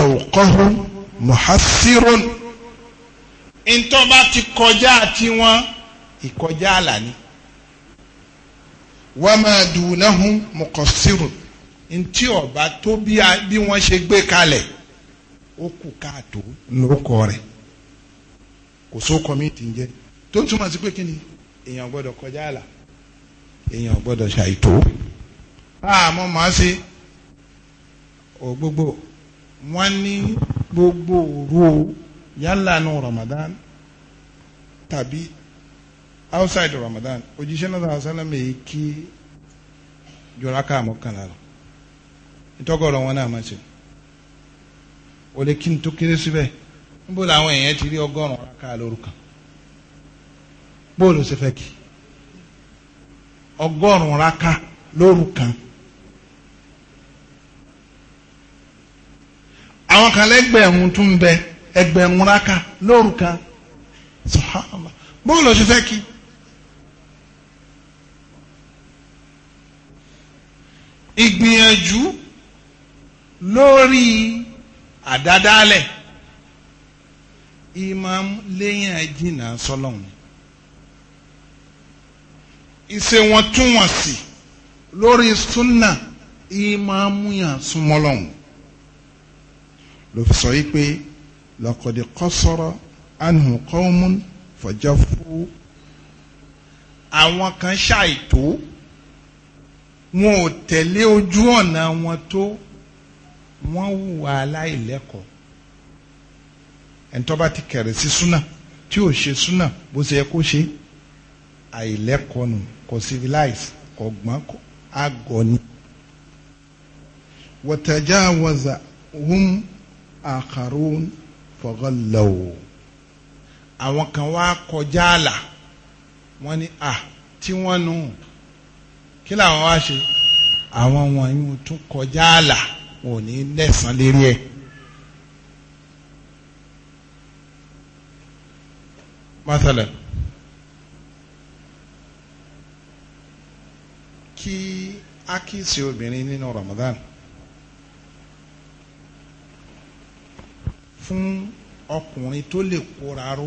fawqahum muhassirun ntọ́ bá ti kọjá tiwọn ìkọjá àlà ni wa ma dunahum muqassirun ntí ọba tó bí wọ́n ṣe gbé kalẹ̀ ó kù káàtó lórúkọ rẹ̀ kò sókọ mi ń jẹ́ tó ń túmọ̀ sí pé kí ni èèyàn gbọ́dọ̀ kọjá àlà èèyàn gbọ́dọ̀ ṣàìtó àmọ́ màá ṣe ọ̀ gbogbo wọ́n ní gbogbo òru yálà nù Ramadan tàbí outside Ramadan òjíṣẹ́ náà sọ̀rọ̀ mẹ́yì kí lọ ìtọ́gọ̀rọ̀ wọn náà máa ṣe o lè kí n tó kéré síbẹ̀ ti rí ọgọ́rùn raka bóòlù ṣe raka àwọn kan lẹ́gbẹ̀rún tún ń bẹ ẹgbẹ̀rún raka lóru kan subhanallah bóun lọ ṣe fẹ́ kí. ìgbìyànjú lórí àdádálẹ̀ imam lẹ́yìn àjìnà sọlọ́hún ìṣèwọ̀ntúnwọ̀nsì lórí súnà imam yàn súnmọ́lọ́hún ló fi sọ yìí pé lọ́kọ̀dé kọ́sọ́rọ́ anhu qawmun fajafu àwọn kan ṣàìtó wọn ò tẹ̀lé ojú ọ̀nà wọn tó wọ́n hùwà aláìlẹ́kọ̀ọ́ ẹni tó bá ti kẹ̀rẹ̀ sí súnà tí ò ṣe súnà bó ṣe yẹ kó ṣe àìlẹ́kọ̀ọ́ nù kò civilize kò gbọ́n kò àgọ̀ ni. watajawaza hum akharun faghallaw àwọn kan wá kọjá àlà wọ́n ní à tí wọ́n nù kí làwọn wá ṣe àwọn wọ̀nyí tún kọjá àlà wọn ò ní lẹ́sàn lérí ẹ̀. mathalan kí ákíyèsí obìnrin nínú Ramadan. fún ọkùnrin tó lè kóra ró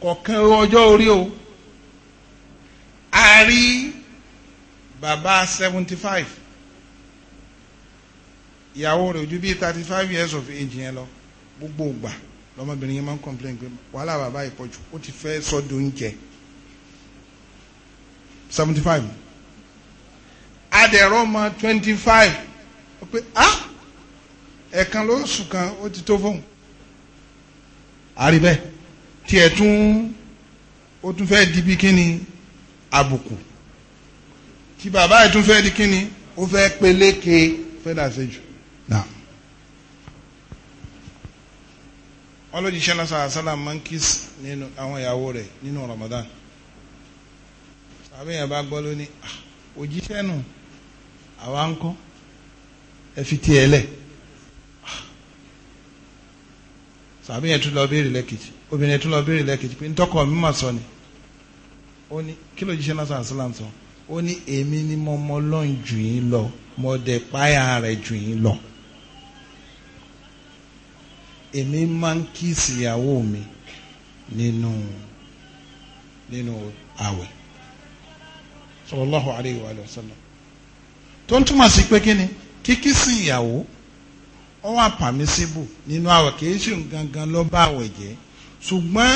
kọ̀ọ̀kan ọjọ́ orí o a rí bàbá seventy five ìyàwó rẹ̀ ojú bíi thirty five years of age yẹn lọ gbogbo ògbà lọmọbìnrin yẹn máa ń complain pé wàhálà bàbá ìpọ̀jù ó ti fẹ́ sọ́dọ̀ oúnjẹ seventy five adẹ̀rọ̀ ọmọ twenty five ó pé ah ẹ̀kan lóṣù kan ó ti tó fóun àríbẹ̀ tiẹ̀ tún ó tún fẹ́ di bí kíni àbùkù tí bàbá ẹ̀ tún fẹ́ di kíni ó fẹ́ peléke fẹ́ dàṣejù náà. ọlọ́jíṣẹ́ lọ́sà àṣálà máa ń kí nínú àwọn ìyàwó rẹ̀ nínú Ramadan sàbẹ̀yàn bá gbọ́ lónìí ah, òjíṣẹ́ nù àwa ń kọ́ ẹ fi tiẹ̀ lẹ̀. tàbí yẹn tún lọ béèrè lẹ́kìtì obìnrin yẹn tún lọ béèrè lẹ́kìtì pé ntọ́kọ̀ mi mà sọ ni ó ní kí ló jíṣẹ́ náà sàn sílám sọ ó ní èmi ni mo mọ lọ́n jù yín lọ mo dẹ̀ páyà rẹ̀ jù yín lọ èmi máa ń kí ìsìyàwó mi nínú nínú àwẹ̀ sallallahu alayhi wa sallam tó ń túmọ̀ sí pé kí ni kíkí sí ìyàwó ó wà pàmísíbù nínú àwẹ̀ kì í ṣe gangan ló bá àwẹ̀ jẹ́ ṣùgbọ́n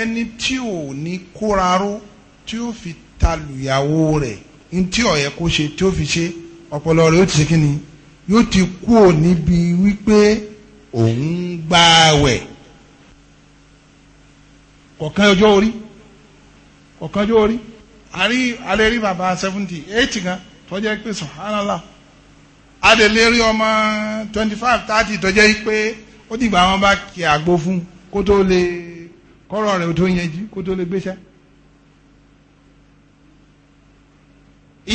ẹni tí ò ní kóraró tí ó fi talùyàwó rẹ̀ ní tí ó kó ṣe tí ó fi ṣe ọpọlọ rẹ̀ ó ti ṣe kí ni yóò ti kú ò níbi wípé òun gba àwẹ̀ kọ̀ọ̀kan ọjọ́ orí kọ̀ọ̀kan ọjọ́ orí a alẹ́ rí bàbá seventy eighty gan tó jẹ́ pé subhanallah a ọmọ twenty five thirty tọ́jẹ́ yìí pé ó dìgbà wọn bá kí àgbo fún kó tó lè kọ́rọ̀ rẹ̀ tó yẹn jí kó tó lè gbéṣẹ́.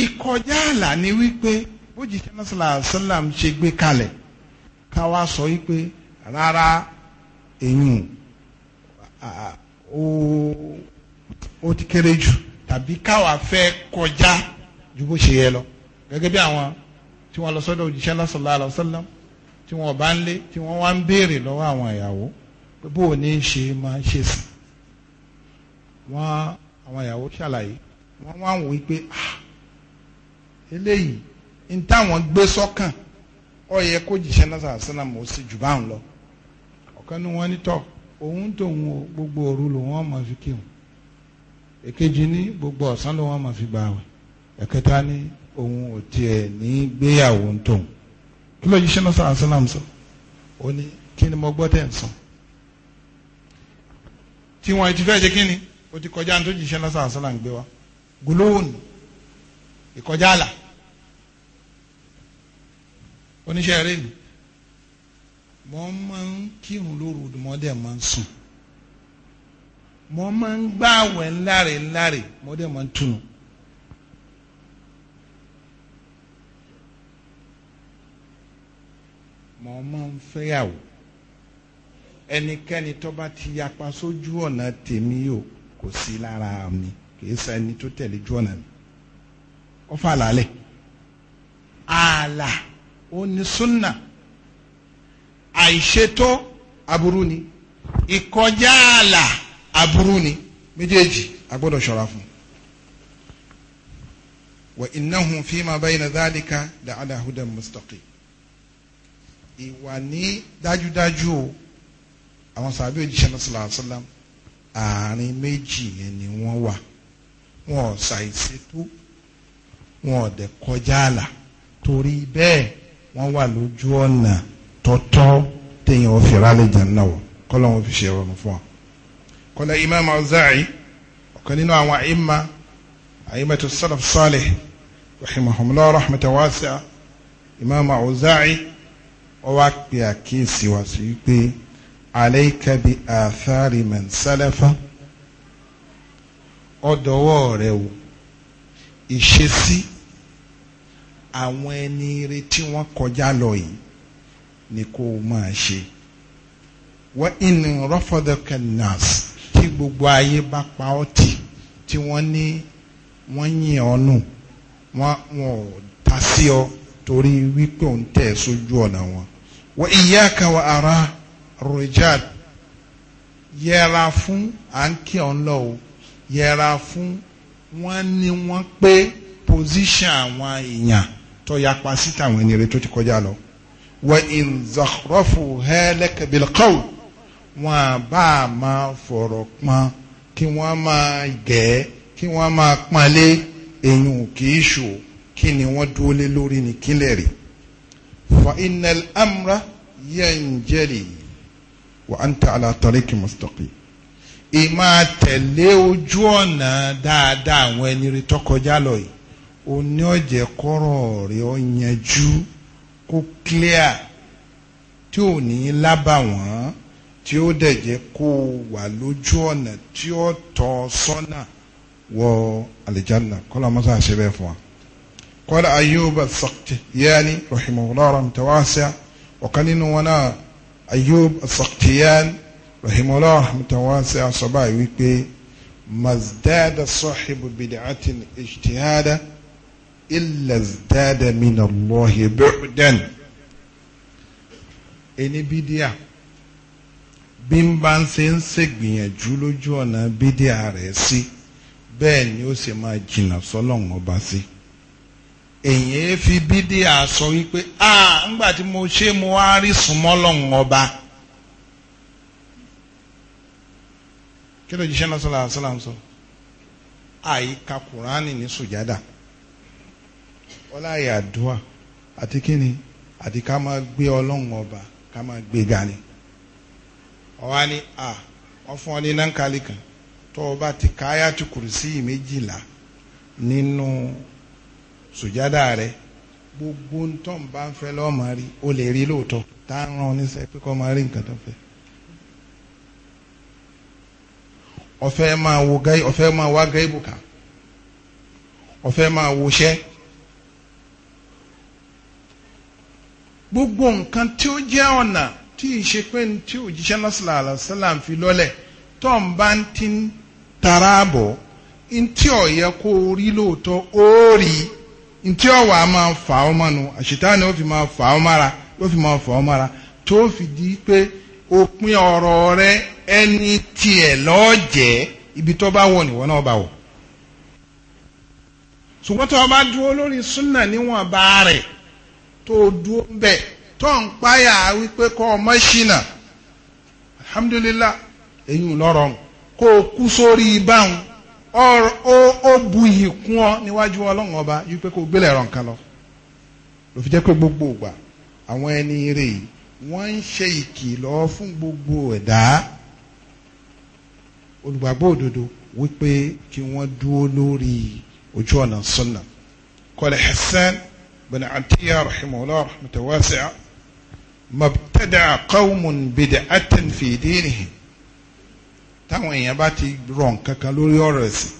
ìkọjá àlà ni wípé bójìṣẹ́ náà sàlám ṣe gbé kalẹ̀ ká wá sọ wípé rárá èyàn ó ti kéré jù tàbí káwa fẹ́ kọjá ju bó ṣe yẹ lọ gẹ́gẹ́ bí àwọn tí wọ́n lọ sọ́dọ̀ òjíṣẹ́ sallallahu alaihi wasallam tí wọ́n bá ń lé tí wọ́n wá ń béèrè lọ́wọ́ àwọn ìyàwó pé bó o ní ṣe máa ṣe sìn wọ́n àwọn ìyàwó ṣàlàyé wọ́n wá ń wò wípé ah eléyìí n táwọn gbé sọ́kàn ó yẹ kó jíṣẹ́ náà sallallahu alaihi wasallam jù bá ń lọ ọ̀kan ni wọ́n ní tọ̀ òun tòun o gbogbo òru ló wọ́n máa fi kírun èkejì ní gbogbo ọ̀sán ló wọ́n máa fi gbààwẹ̀ ẹ̀kẹta ní òun ò tiẹ̀ ní gbéyàwó ń tòun kí ló yí sínú sàn sílám sọ ó ní kí ni mo gbọ́ tẹ̀ ń sàn tí wọn ti fẹ́ ṣe kí ni o ti kọjá ní tó yí sínú sàn sílám gbé wa gulóhùn ìkọjá àlà oníṣẹ́ rẹ̀ ni mo máa ń kírun lóru mo dẹ̀ máa ń sùn mo máa ń gbàwẹ̀ ńláre ńláre mo dẹ̀ máa ń túnu mọ̀ ọ́n máa ń fẹ́yàwó ẹnikẹ́ni tó bá ti yapa sójú ọ̀nà tèmi yò kò sí lára mi kì í ṣẹni tó tẹ̀lé ju ọ̀nà mi ó fà lálẹ́ ààlà ó àìṣètò aburú ni ìkọjá ààlà aburú ni méjèèjì a gbọ́dọ̀ ṣọ́ra fún wa innahum fima bayna dhalika la ala hudan mustaqim ìwà ní dájúdájú o àwọn sàbí òjíṣẹ́ náà àárín méjì yẹn ni wọ́n wà wọn ò ṣàìṣe tó wọn ò dẹ̀ kọjá àlà torí bẹ́ẹ̀ wọ́n wà lójú ọ̀nà tọ́tọ́ téèyàn ò fi rálẹ̀ jẹun náà wọ̀ kọ́lọ́ wọn fi ṣe ìrọ̀rùn fún wa. kọ́lá imáàmù Awzaa'i ọ̀kan nínú àwọn àìmà àìmà tó salaf salih rahimahumullah rahmatan wasi'a imáàmù Awzaa'i ó wá pe àkíyèsí wa sí pé alayka bi athari man salafa ọdọwọ́ rẹ̀ o ìṣesí àwọn ẹni ire tí wọ́n kọjá lọ yìí ni kó o máa ṣe wa in rafadaka nas tí gbogbo ayé bá pa ọ́ tì tí wọ́n ní wọ́n yìn ọ́ nù wọ́n ò ta sí ọ torí wípé òun tẹ̀ sójú ọ̀nà wọn wa iyaka wa ara rojal yẹra fún à ń kí ọ̀n lọ o yẹra fún wọ́n ní wọ́n pé position àwọn èèyàn tó yapa sí tàwọn ẹni rẹ tó ti kọjá lọ wa in zakhrafu halaka bil qawl wọn bá a máa fọ̀rọ̀ pọn kí wọ́n máa gẹ̀ kí wọ́n máa pọnlé èyàn kì í ṣò kí ni wọ́n dúró lé lórí ní kílẹ̀ rèé. فإن الأمر amra وأنت على طريق مستقيم. tariki mustaqim ìmọ̀ tẹ̀lé ojú ọ̀nà dáadáa àwọn ẹni rí tọkọjá lọ yìí oní ọ̀jẹ̀ kọ́rọ̀ rẹ̀ ọ̀yanjú kó clear tí ò ní lábàwọ́n tí ó dẹ̀ jẹ́ kó wà lójú ọ̀nà tí ó tọ́ sọ́nà wọ àlìjáná kọ́lá mọ́sá ṣe bẹ́ẹ̀ fún wa. قال أيوب السقطياني رحمه الله رحمة واسعة وكان إنه أيوب السقطيان رحمه الله رحمة واسعة صباي ويكي ما ازداد صاحب بدعة اجتهادا إلا ازداد من الله بعدا ẹni bídíà bí n bá ń ṣe ń ṣègbìyànjú lójú ọ̀nà bídíà rẹ̀ sí bẹ́ẹ̀ ni ó sì máa jìnnà sọ́lọ́run ọba sí. Si. èyàn fi bídíà sọ wípé a ńgbà tí mo ṣe mo wá rí ọba kí ló jíṣẹ́ náà sọ́lá sọ́lá sọ àyíká kùránì ní sùjádà ọláyà àti kíni àti ká máa gbé ọlọ́hùn ọba ká máa gbé gani ọ̀wá ni à ọ ní nánkálí kan tó o bá ti káyà méjìlá nínú. No sùjádà rẹ gbogbo ntọ́n bá ń fẹ́ lọ́ọ́ máa rí o lè rí lóòótọ́ tá a rán oníṣẹ́ pé kọ́ máa rí nǹkan tó fẹ́. ọ̀fẹ́ máa wo gáì ọ̀fẹ́ máa wá gáì bùkà ọ̀fẹ́ máa wo ṣẹ́. gbogbo nǹkan tí ó jẹ́ ọ̀nà tí ì ṣe pé tí òjíṣẹ́ lọ́sọ̀lá àlàsílà ń fi lọ́lẹ̀ tọ́n bá ti ń tara bọ̀ ntí ó kó rí lóòótọ́ ó rí i ntí ọwọ́ a máa fà ọ́ mọ́ nu àṣetáni ó fi máa fà ọ́ mára ó fi máa fà ọ́ mára tó fi di pé òpin ọ̀rọ̀ rẹ ẹni tiẹ̀ lọ́ọ̀jẹ́ ibi tó bá wọ̀ nìwọ náà bá wọ̀ ṣùgbọ́n tó o bá dúró lórí súnà níwọ̀n bá rẹ̀ tó o dúró ń bẹ̀ tó ń páyà wípé kọ́ ọmọ ṣìnà alhamdulillah èyí lọ́rọ̀ kó o kú sórí báwọn ó bu iyì kún ọ níwájú ọlọ́run ọba yìí pé kó gbélé ẹ̀rọ nǹkan lọ ló fi jẹ́ pé gbogbo ìgbà àwọn ẹni rè wọ́n ń ṣe ìkìlọ̀ fún gbogbo ẹ̀dá olùgbàgbọ́ òdodo wípé kí wọ́n dúró lórí ojú ọ̀nà sunna kọ́lẹ̀ Hassan bin Atiyya rahimahullah rahmatawasi'a mabtada qawmun bid'atan fi dinihim táwọn èèyàn bá ti rọ nǹkan kan lórí ọ̀rọ̀ ẹ̀sìn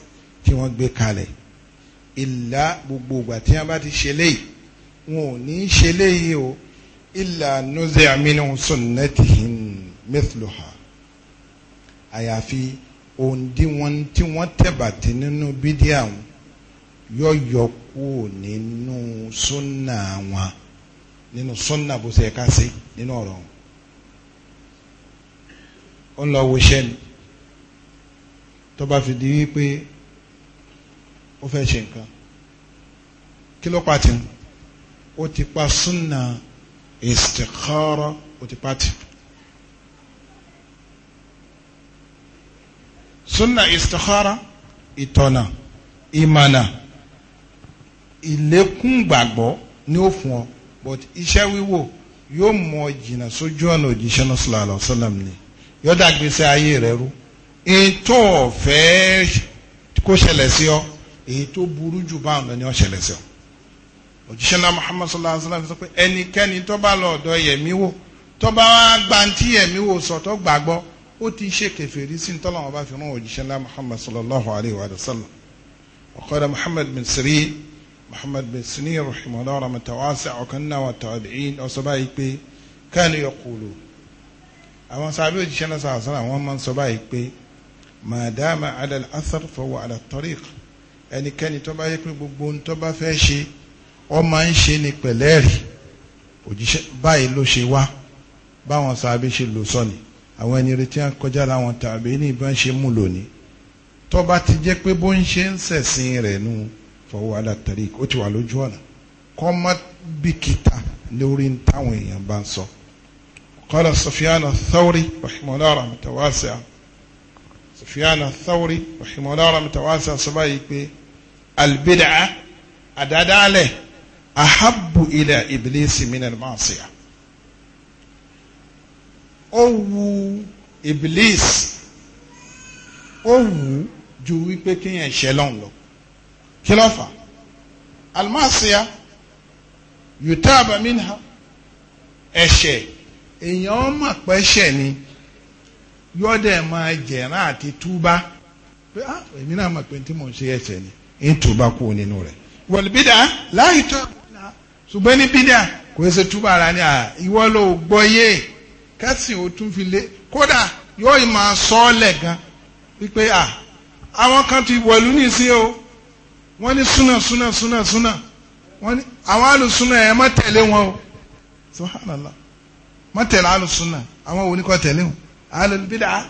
tí wọ́n gbé kalẹ̀ ìlà gbogbo ìgbà tí wọ́n bá ti ṣe léyìí wọn ò ní í ṣe léyìí o ìlà nuzẹ aminu sunnatihim mithluha àyàfi ohun tí wọ́n tí wọ́n tẹ̀bàtì nínú bídí àwọn yọ yọ kúrò nínú sunna wọn nínú sunna bó ṣe ká sí nínú ọ̀rọ̀ wọn. ó ń lọ wo iṣẹ́ tó bá fi di wípé ó fẹ́ ṣe nǹkan kí ló pàtì ó ti pa súnà istikhara ó ti pàtì. súnà istikhara ìtọ̀nà ìmànà ìlékún gbàgbọ́ ni ó ọ but iṣẹ́ wíwò yóò mọ jìnnà sójú ọ̀nà òjíṣẹ́ náà sallallahu alaihi wasallam ni yóò dàgbèsè ayé rẹ rú ètò ọ̀fẹ́ kó ṣẹlẹ̀ sí ọ èyí tó burú jù báwọn lọ ni ó ṣẹlẹ̀ sí ọ òjíṣẹ́ náà Muhammad sallallahu alayhi wa sallam sọ pé ẹnikẹ́ni tó bá lọ ọ̀dọ̀ yẹ̀mí wò tó bá wá gbantí yẹ̀mí wò sọ tó gbàgbọ́ ó ti ṣe kẹfẹ́rí sí ní tọ́lọ́wọ́n bá fi rán òjíṣẹ́ náà Muhammad sallallahu alayhi wa sallam ọ̀kọ́dà Muhammad bin Sirin Muhammad bin Sirin rahimahullah rahmatan wasi'a ọ̀kan náà wà tabi'in ọ̀sọ́ màdàmà alal athar fọwọ́ ala tariq ẹnikẹ́ni tó bá yẹ pé gbogbo ohun tó bá fẹ́ ṣe ọ máa ń ṣe ni pẹ̀lẹ́rì òjíṣẹ́ báyìí ló ṣe wá báwọn sàbí ṣe lò sọ ni àwọn ẹni retí wọn kọjá láwọn tàbí ní ìbọn ṣe mú lónìí tó bá ti jẹ́ pé bó ń ṣe ń sẹ̀sìn rẹ̀ nù fọwọ́ ala tariq ó ti wà lójú ọ̀nà kọ́ bìkítà lórí táwọn èèyàn bá ń sọ. qala Sufyan ath-Thawri rahimahullah rahmatan wasi'a. Sufyan ath-Thawri rahimahullah rahmatawasa sọ báyìí pé albid'a àdádálẹ̀ ahabbu ila iblisi minal ma'siya ó wu iblis ó wù ju wípé kéèyàn ṣe lọ́n lọ kí almasiya yutaba minha ẹ̀ṣẹ̀ èèyàn mọ̀ pé ni yọ́dẹ̀ máa jẹ̀rán àti túbá pé ah èmi náà mọ̀ pé tí mò ń ṣe ẹ̀ṣẹ̀ ni ń túbá kú nínú rẹ̀ wọ̀lùbídà láì tó ṣùgbọ́n ní bídà kò ṣe túbà ara ni ìwọ ló gbọ́ yé kẹ́sì ó tún fi lé kódà yóò máa sọ ọ́ lẹ̀ gan wípé ah àwọn kan ti wọ̀lú nísìnyí o wọ́n ní súnà súnà súnà súnà wọ́n ní àwọn alùsúnà ẹ̀ má tẹ̀lé wọn o subhanallah má tẹ̀lé alùsúnà àwọn oníkọ́ tẹ̀lé wọn alùbídà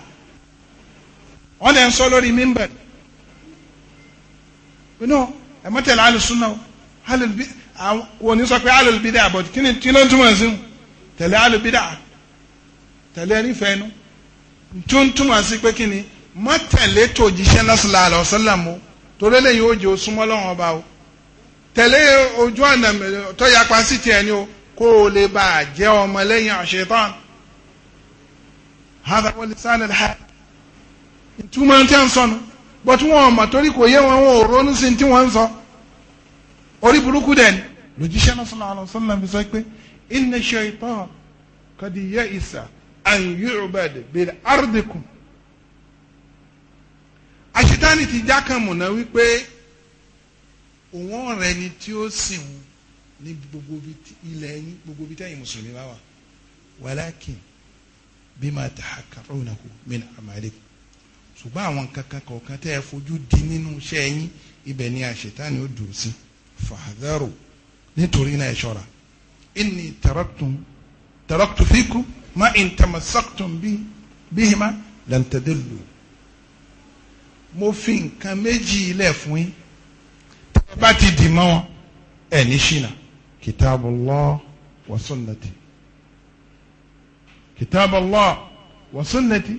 wọn lè ń sọ lórí mímbẹ̀rì nínú ẹ̀mọ́tẹ̀lẹ̀ alùsùnà wọn ní sọ pé alùbídà but kí ni kí ló ń túmọ̀ sí tẹ̀lé alùbídà tẹ̀lé nífẹ̀ẹ́ nu tó ń túmọ̀ sí pé kí ni mọ́tẹ̀lé tó jíṣẹ́ lọ́sọ̀lá àlọ́sọ́làmù torí lẹ́yìn ó jẹ́ osúmọ́ lọ́wọ́n ọba o tẹ̀lé ojú ọ̀nà tó yapa sí tiẹ̀ ni o kó o lè bàa jẹ́ ọmọ lẹ́yìn àṣetán hàdà wọlé sálẹ̀ ha ìtumọ̀ tí a ń sọ nu bọ́tú wọn ọ̀mà torí kò yé wọn wọn ò ronú sí tí wọ́n ń sọ orí burúkú dẹ̀ ni lójúṣẹ́ náà sallallahu alaihi wasallam fi sọ pé inna shaytan qad ya'isa an yu'bad bil ardikum àṣetánì ti já kan mọ̀nà wípé òun ọ̀rẹ́ ni tí ó sìn ní gbogbo ilẹ̀ yín gbogbo ibi tẹ́yìn mùsùlùmí bá wà wàlákìn bima tahakarunahu min amalikum ṣùgbọ́n àwọn kankan kọ̀ọ̀kan tẹ́ ẹ fojú di nínú iṣẹ́ yín ibẹ̀ ni àṣetáni ó dùn sí fahadharu nítorí náà ẹ ṣọ́ra inni taraktum taraktu fikum ma in tamassaktum bi bihima lan mo fi nǹkan méjì ilẹ̀ fún yín tẹ́ bá ti dì mọ́ ẹ̀ ní ṣìnà kitabullah wa كتاب الله wa sunnati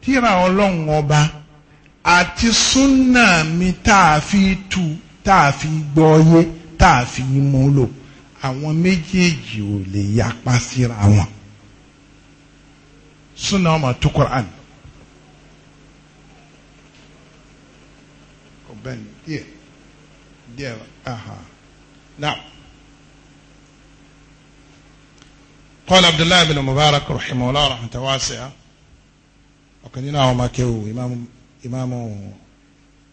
tíra ọlọ́run ọba àti متافي تو تافي a تافي tu tá a fi gbọ́ yé tá a fi mú lò àwọn méjèèjì ò lè yapa síra wọn súnà ọmọ tó Qur'an. ọbẹ̀ ni díẹ̀ díẹ̀ aha now. قال عبد الله بن مبارك رحمه الله رحمة واسعة وكان هنا ما كيو إمام إمام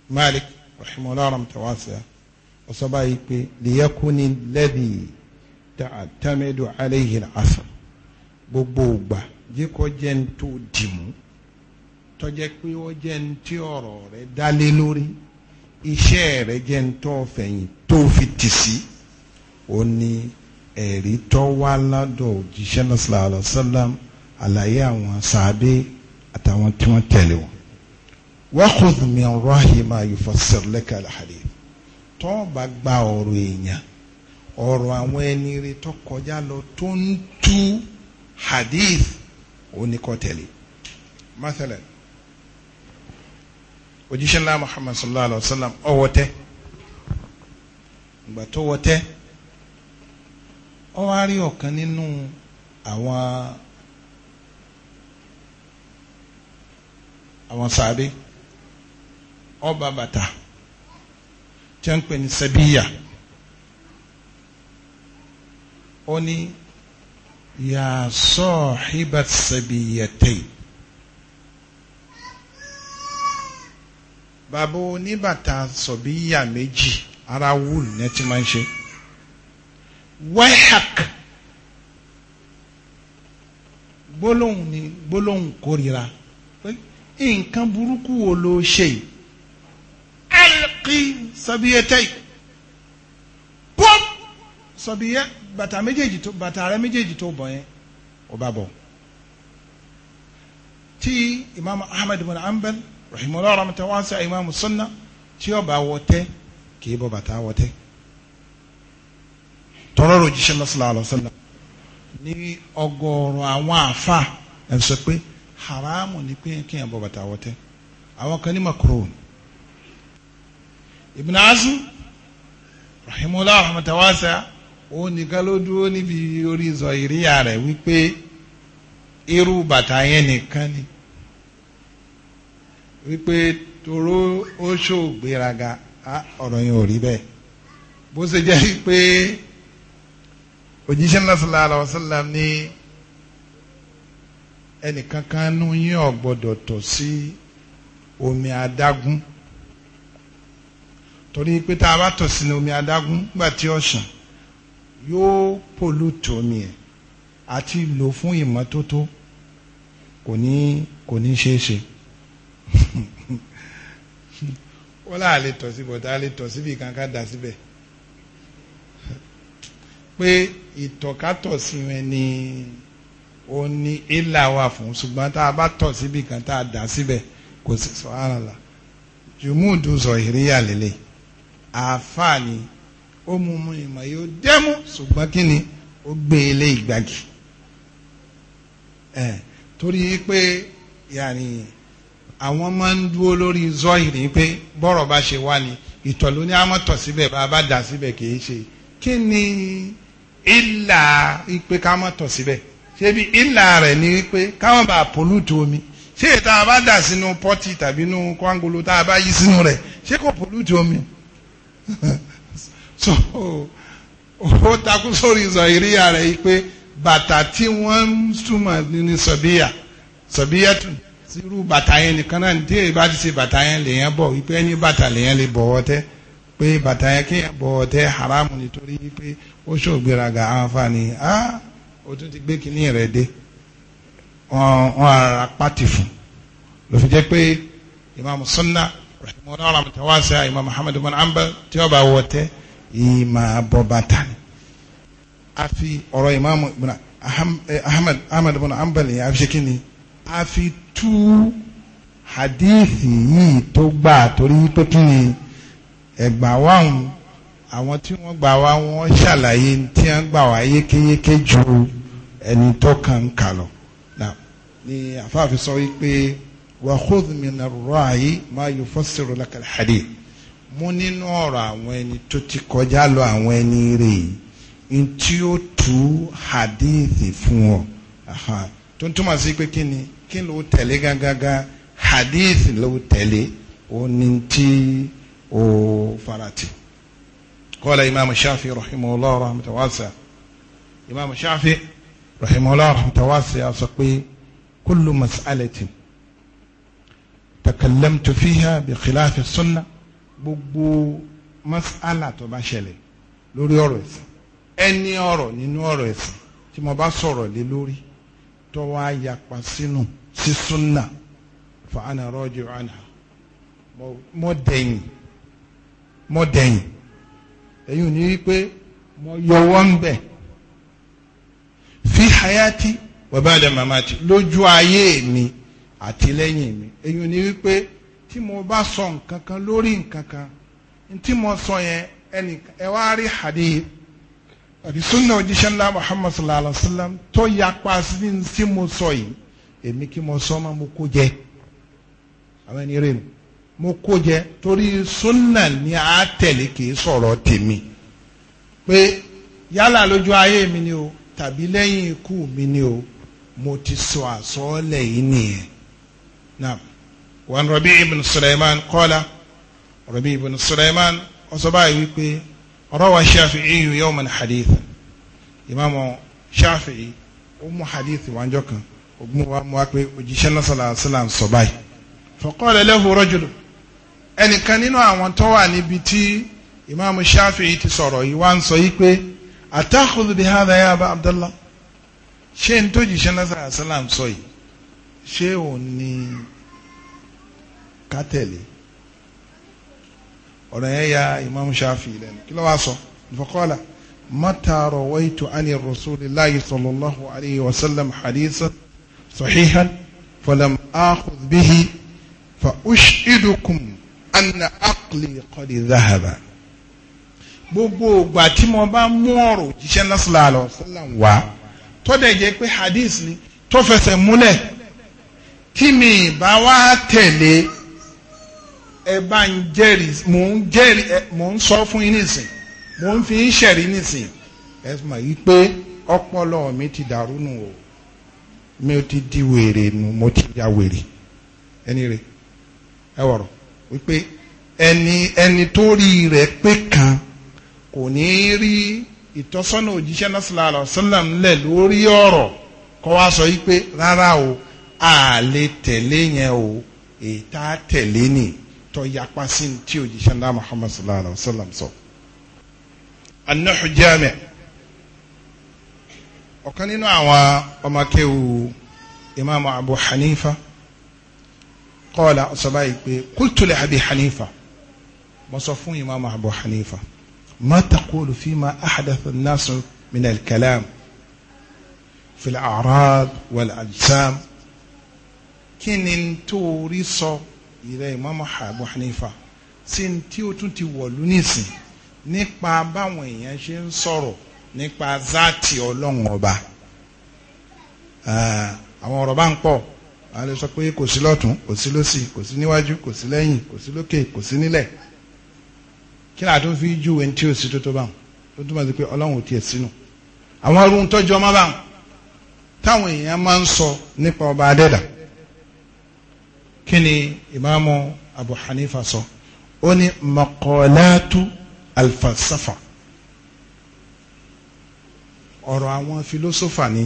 مالك رحمه الله رحمة واسعة وصبايك ليكن الذي تعتمد عليه العصر gbogbogbà jẹ́ kó jẹ́ ń tó dìmú tọ́jẹ́ pé ó jẹ́ lórí iṣẹ́ rẹ̀ jẹ́ ń tó fẹ̀yìn tó fi tì sí ní ẹ̀rí tó wá ládọ̀ òjíṣẹ́ náà sallallahu alaihi wasallam àlàyé àwọn sàábé àtàwọn tí wọ́n tẹ̀lé wọn. wakhudh min rahi ma yufassir laka al-hadith tó bá gba ọ̀rọ̀ èèyàn ọ̀rọ̀ àwọn ẹni rí tó kọjá lọ tó ń tú hadith oníkọ̀tẹ̀lé. mathalan òjíṣẹ́ náà muhammad sallallahu alaihi wasallam ọwọ́tẹ́ ìgbà tó wọ́tẹ́ ó wá rí ọ̀kan nínú àwọn àwọn sàbẹ ọba bàtà tí wọ́n ń pè ní sẹbíyà ó ní yà sọ́ọ̀hìbà sẹbíyàtẹ̀ bàbá oníbàtà sọ̀bíyà méjì ara wúlù ní ẹ ti máa ń ṣe wẹ́hàk gbólóhùn ni gbólóhùn kórìíra nǹkan burúkú wo ló ṣe alqi sabiyatayk pop sabiyẹ bàtà méjèèjì tó bàtà rẹ méjèèjì tó bọ̀ yẹn ó bá bọ̀ tí imaamu ahmed bin anbal rahimahullah rahmatulahi wa sa imaamu sunna tí ó bá wọ tẹ kì í bọ́ bàtà wọ tọrọ òjíṣẹ́ sallallahu alaihi N'i ní ọgọ́rùn àwọn àáfà ẹ̀ haramu ni pé kí n bọ bàtà wọtẹ àwọn kan ní makruh Ibn azu. rahimahullah rahmatan ó nìkan ló dúró níbi orí zọ ìríyà rẹ̀ wípé irú bàtà yẹn nìkan ni wípé toro ó ṣògbéraga ọ̀rọ̀ yẹn ò rí bẹ́ẹ̀ bó ṣe òjíṣẹ́ náà sallallahu alaihi wasallam ní ẹnìkankan nú yín ò gbọ́dọ̀ tọ̀ sí omi adágún torí pé tá a bá tọ̀ sínú omi adágún nígbà tí ó ṣàn yóò pòlùtò omi ẹ̀ àti lò fún ìmọ́tótó kò ní kò ní ṣeé ṣe wọ́n láà tọ̀ sí bọ̀tá lè tọ̀ síbi kankan dà síbẹ̀ pé ìtọ̀kátọ̀sí wọn ni ó ní ìlà wà fún ṣùgbọ́n tá a bá tọ̀ síbi kan tá a dà síbẹ̀ kò sì sọ ara la jùmúùdù sọ ìríyà lélẹ̀ àáfàá ni ó mú mú ìmọ̀ yóò dẹ́mú ṣùgbọ́n kí ni ó gbé ilé e ìgbàgì torí pé àwọn máa ń dúró lórí zọ́ìrì pé bọ́rọ̀ bá ṣe wá ni ìtọ̀ ló ní àmọ́tọ̀ síbẹ̀ bá a bá dà síbẹ̀ kì í ṣe kí ni ìlà ìpè ká má tọ̀ síbẹ̀ ṣébi ìlà rẹ̀ ni wípé káwọn bá pòlùtù omi ṣé èyí tá a bá dà sínú pọ́tì tàbí inú kwangolo tá a bá yí sínú rẹ̀ ṣé kò pòlùtù omi so ó takú sórí ìzọ ìríyà rẹ̀ yìí pé bàtà tí wọ́n ń túmọ̀ ní sọ̀bíyà sọ̀bíyà tún irú bàtà yẹn nìkan náà ní tí èyí bá ti ṣe bàtà yẹn lèèyàn bọ̀ wípé ẹni bàtà lèèyàn lè bọ̀wọ́ tẹ́ pé bàtà yẹn kéèyàn bọ̀ ọ̀tẹ́ haramu nítorí pé ó ṣògbéraga àǹfààní á o tún ti gbé kínní rẹ̀ dé wọ́n ara pàtì fún ló fi jẹ́ pé imam sunna rahimahullah rahmatu wa imam Muhammadu bin ambal tí wọ́n bá wọ ọ̀tẹ́ ìmà bọ̀ bàtà ni a fi ọ̀rọ̀ imam eh, ahmed ahmed bin ambal yẹn a fi ṣe kínní a fi tú hadithi yìí tó gbà torí pé kínní ẹ̀gbà wáhùn àwọn tí wọ́n gbà wá wọ́n ṣàlàyé tí wọ́n gbà wá yékéyéké ju ẹni tó kàn kà lọ. ni àfáàfin sọ wípé wa khudh min ar-ra'i ma yufassiru laka al-hadith mú nínú ọ̀rọ̀ àwọn ẹni tó ti kọjá lọ àwọn ẹni rèé n tí ó tú hadith fún ọ tó ń túmọ̀ sí pé kí ni kí ló tẹ̀lé gángangán hadith ló tẹ̀lé ó ní tí ó farati kọ́lá imaamu shafi rahimahullah rahmatu wasa imaamu shafi rahimahullah rahmatu wasa a sọ pé kullu mas'alatin takallamtu fiha bi khilafi sunna gbogbo mas'ala tó bá ṣẹlẹ̀ lórí ọ̀rọ̀ ẹ̀sìn ẹni ọ̀rọ̀ nínú ọ̀rọ̀ ẹ̀sìn tí mo bá sọ̀rọ̀ lé lórí tó wá yapa sínú sí sunna fa ana raji'u anha mo dẹ̀yìn mo dẹ̀yìn èyí ò ní wípé mo yọwọ́ ń bẹ̀ fi hayati wa mamati lójú ayé mi àti lẹ́yìn mi èyí ò ní wípé tí mo bá sọ nǹkan kan lórí nǹkan kan tí mo sọ yẹn ẹnì ẹ wá rí hadith àti sunna ńlá muhammad sallallahu alayhi wa sallam tó yapa sí mo sọ yìí èmi kí mo sọ ma mo kó jẹ àwọn ẹni rẹ mo kó jẹ torí sunna ni a tẹ̀lé kì í sọ̀rọ̀ tèmi pé yálà lójú ayé mi ni o tàbí lẹ́yìn ikú mi ni o mo ti sọ àsọ́ọ́lẹ̀ yìí nìyẹn. naam wan rabi ibn Sulaiman qala rabi ibn Sulaiman ọsọ báyìí wípé rawa shafi'i yawman hadith imaamu shafi'i ó mú hadith wájọ kan ó mú wa mú wa pé òjíṣẹ́ náà sallallahu alaihi wasallam sọ báyìí. faqala lahu rajulun ẹnìkan nínú àwọn tó wà níbi tí imaamu shafi'i ti sọ̀rọ̀ yìí wá ń sọ yìí pé atakhudhu bi hadha ya aba abdallah ṣé n tó jìṣẹ́ náà sàlám sọ yìí ṣé ò ní ká tẹ̀lé ọ̀rọ̀ yẹn ya imaamu shafi'i lẹ́nu kí ló wá sọ faqala mata rawaitu ani rasulillahi sallallahu alayhi wa sallam hadithan sahihan falam akhudh bihi fa ushidukum anna akli qad dhahaba gbogbo ìgbà tí mo bá mú ọ̀rọ̀ òjíṣẹ́ náà sallallahu alaihi wasallam wá tọ́dẹ̀ jẹ́ pé hadith ni tó fẹsẹ̀ múlẹ̀ tí mi bá wá tẹ̀lé ẹ bá ń jẹ́rìí mò ń jẹ́rìí mò ń sọ fún yín nìsín mò ń fi ń ṣẹ̀rí nìsín ẹ mọ̀ yí pé ọpọlọ mi ti dàrú nù o mi ti di wèrè nù mo ti ya wèrè ẹni rè ẹ wọ̀rọ̀ wípé ẹni ẹni tó rí rẹ̀ pé kan kò ní rí ìtọ́sọ́nà òjíṣẹ́ náà sallallahu alaihi wasallam lẹ̀ lórí ọ̀rọ̀ kọ́ wa sọ wípé rárá o a lè tẹ̀lé yẹn o èyí tá a tẹ̀lé ni tó yapa sí tí òjíṣẹ́ náà Muhammad sallallahu alaihi wasallam sọ. anahu ọ̀kan nínú àwọn ọmọ imaamu Abu Hanifa kọ́ọ̀lá ọ̀sọ́bá yìí pé kúltùlẹ̀ àbí hanifa mo sọ fún imam abu hanifa ma taqulu fima ahadatha an-nasu min al-kalam fi al-a'rad wal-ajsam kí ni tó rí sọ ìrẹ́ imam abu hanifa sí tí ó tún ti wọ̀lú nísìn nípa báwọn èèyàn ṣe ń sọ̀rọ̀ nípa záàtì ọlọ́run ọba àwọn ọ̀rọ̀ bá ń pọ̀ a lè sọ pé kò sí lọ́tún kò sí lọ́sì kò sí níwájú kò sí lẹ́yìn kò sí lókè kò sí nílẹ̀ kí ni àtún fi júwe ní tí ò sí tó báwọn tó túmọ̀ sí pé ọlọ́run ò tiẹ̀ sínú àwọn ọdún tọ́jú ọmọ báwọn táwọn èèyàn máa ń sọ nípa ọba adẹ́dà kí ni ìmáàmù Abu Hanifa sọ ó ní maqalatu alfalsafa ọ̀rọ̀ àwọn filosofa ni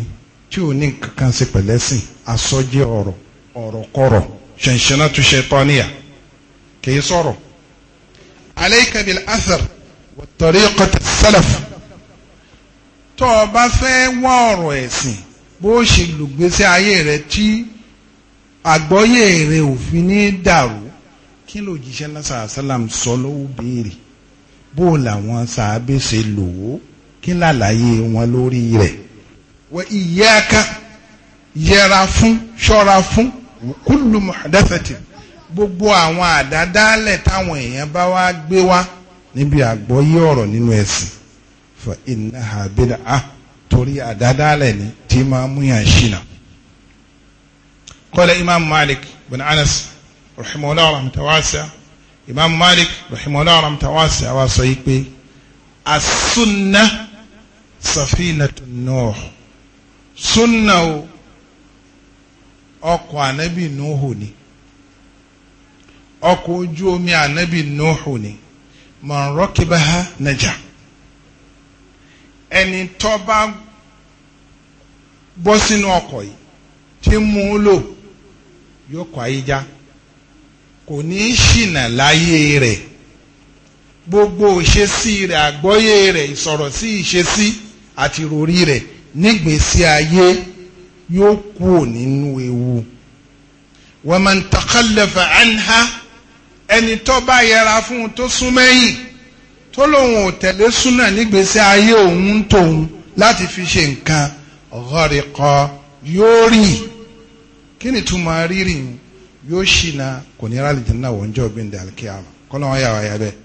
tí ò ní kankan ṣe pẹ̀lẹ́sìn àsọjẹ́ ọ̀rọ̀ ọ̀rọ̀ kọ̀rọ̀ ṣẹ̀ṣẹ̀nà tó ṣe tọ́níyà kì í sọ̀rọ̀. alayka bil athar wa tariqat as-salaf tó o bá fẹ́ wá ọ̀rọ̀ ẹ̀sìn bó o ṣe lùgbésí ayé rẹ tí àgbọ́yé rẹ ò fi ní dàrú kí ló jíṣẹ́ lásà sálàm sọ lówó béèrè bó o làwọn sàábèsè lò ó kí làlàyé wọn lórí rẹ̀ wa iyyaka yẹra fún ṣọ́ra fún kullu muhdathatin gbogbo àwọn àdádálẹ̀ táwọn èèyàn bá wá gbé wá níbi àgbọ́yé ọ̀rọ̀ nínú ẹ̀sìn fa innaha bid'ah torí àdádálẹ̀ ni tí máa mú yàn ṣìnà. qala imam malik bin anas rahimahullah rahmatan wasi'a imam malik rahimahullah rahmatan wasi'a wa sọ yìí pé as-sunnah safinatun súnà o ọkọ̀ ànábì nùhù ni ọkọ̀ ojú omi ànábì nùhù ni man rakibaha naja ẹni tó bá bọ́ sínú ọkọ̀ yìí tí mú un lò yóò kọ́ ayé já kò ní í ṣìnà láyé rẹ̀ gbogbo ìṣesí rẹ̀ àgbọ́yé rẹ̀ ìsọ̀rọ̀ sí ìṣesí àti ròrí rẹ̀ nígbèsí ayé yóò kúrò nínú ewu waman takallafa anha ẹni tó bá yẹra fún un tó sún mẹ́yìn tó lòun ò tẹ̀lé súnà nígbèsí ayé òun ń tòun láti fi ṣe nǹkan ọ̀gọ́rìkọ yóò rì kí ni túmọ̀ rírì yóò ṣìnà kò ní rálẹ̀ jẹ́ náà wọ́n jọ́ gbẹ̀ndẹ̀ alikiyama kọ́lọ́ wọn yà wáyà bẹ́ẹ̀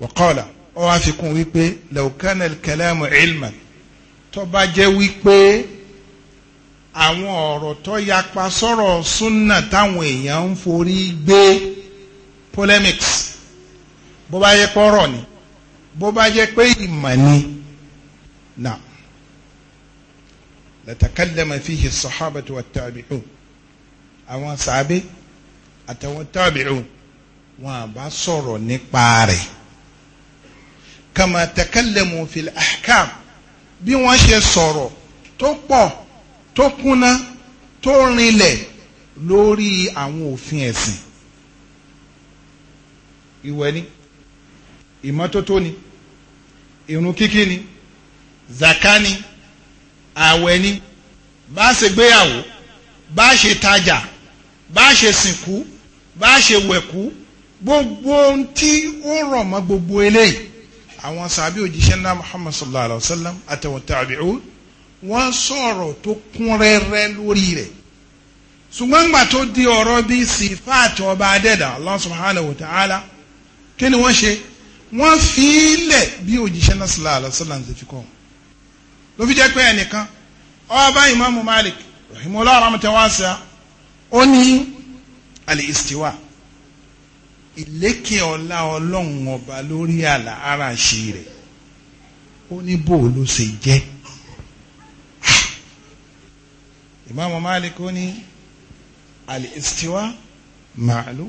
wọ́kọ́ọ̀là ọ wá fi kún wípé law kana al tó bá jẹ́ wípé àwọn ọ̀rọ̀ tó yapa sọ̀rọ̀ súnà táwọn èèyàn ń forí gbé polemics bó bá yẹ pọ́rọ̀ ni bó bá jẹ́ pé ìmọ̀ ni na latakallama fihi sahabatu wa tabi'un àwọn sàbẹ àtàwọn tabi'un wọn àbá sọ̀rọ̀ nípa rẹ̀ kama takallamu fil ahkam bí wọ́n ṣe sọ̀rọ̀ tó pọ̀ tó kúnná tó rinlẹ̀ lórí àwọn òfin ẹ̀sìn ìwẹ̀ ni ìmọ́tótó ni ìrun kíkí ni zaka ni ààwẹ̀ ni bá ṣe gbéyàwó bá ṣe tajà bá ṣe sìnkú bá ṣe wẹ̀kú gbogbo ohun tí ó rọ̀ mọ́ gbogbo eléyìí àwọn sàbí òjíṣẹ́ ńlá Muhammad sallallahu alayhi wa sallam àtàwọn tàbí'ù wọ́n sọ̀rọ̀ tó kún rẹ́rẹ́ lórí rẹ̀ ṣùgbọ́n gbà tó di ọ̀rọ̀ bí sifaat ọba adẹ́dà Allah subhanahu wa ta'ala kí ni wọ́n ṣe wọ́n fi lẹ̀ bí òjíṣẹ́ ńlá sallallahu alayhi wa sallam ṣe fi kọ́ ló fi jẹ́ pé ẹnìkan ọba imaamu Malik rahimahullah rahmatan wasi'a ó ní al ìlékè ọlá ọlọ́run ọba lórí àlà aráàṣì rẹ̀ ó ní bò ló ṣe jẹ́ ìmáàmù Malik ó ní al-istiwa màálù